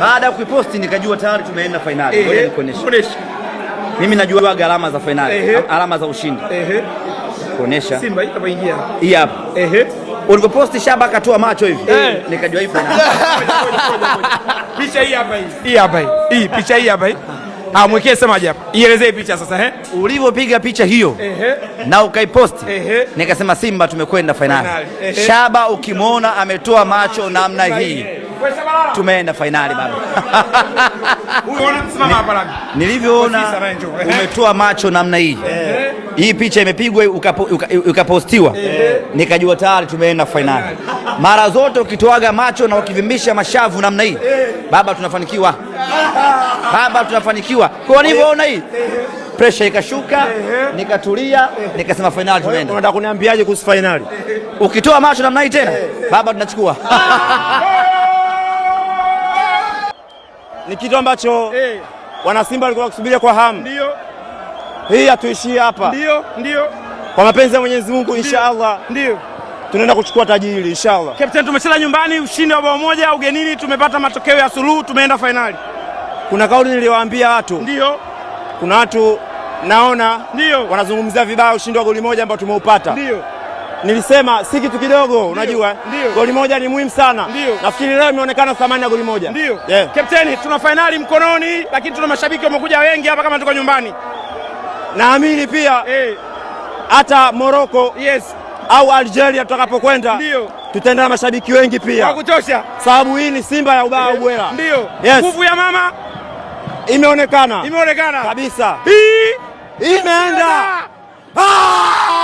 Baada ya kuiposti nikajua tayari tumeenda fainali. Ngoja nikuoneshe. Mimi najua gharama za fainali, alama za ushindi. Ehe. Kuonesha. Simba hapa ingia. Hii hapa. Ehe. Ulipoposti Shaba akatoa macho hivi. Nikajua hii fainali. Picha hii hapa hii. Hii hapa hii. Hii picha hii hapa hii. Ah, ah mwekee semaje hapa. Ielezee picha sasa eh. Ulivyopiga picha hiyo ehe, na ukaiposti ehe, nikasema Simba tumekwenda fainali. Shaba ukimwona ametoa macho namna hii tumeenda fainali baba. Nilivyoona umetoa macho namna hii eh. hii picha imepigwa ukapostiwa eh. nikajua tayari tumeenda fainali. Mara zote ukitoaga macho na ukivimbisha mashavu namna hii eh. baba, tunafanikiwa baba, tunafanikiwa. Kwa nilivyoona hii presha ikashuka, nikatulia, nikasema fainali tunaenda. Unataka kuniambiaje kuhusu fainali? Ukitoa macho namna hii tena baba, tunachukua ah. ni kitu ambacho hey, eh. wanasimba walikuwa wakisubiria kwa hamu. Ndio. Hii hatuishii hapa. Ndio, ndio. Kwa mapenzi ya Mwenyezi Mungu inshallah. Ndio. Tunaenda kuchukua taji hili inshallah. Captain, tumecheza nyumbani ushindi wa bao moja, ugenini tumepata matokeo ya suluhu, tumeenda fainali. Kuna kauli niliwaambia watu. Ndio. Kuna watu naona wanazungumzia vibaya ushindi wa goli moja ambao tumeupata. Ndio. Nilisema si kitu kidogo, unajua goli moja ni muhimu sana. Nafikiri leo imeonekana thamani ya goli moja. Ndio. Yeah. tuna fainali mkononi, lakini tuna mashabiki wamekuja wengi hapa kama tuko nyumbani. Naamini pia eh. hata hey, Morocco yes, au Algeria tutakapokwenda tutaenda na mashabiki wengi pia kwa kutosha, sababu hii ni Simba ya ubao eh. bwela. Ndio. Yes. Nguvu ya mama imeonekana, imeonekana kabisa, imeenda. Ah!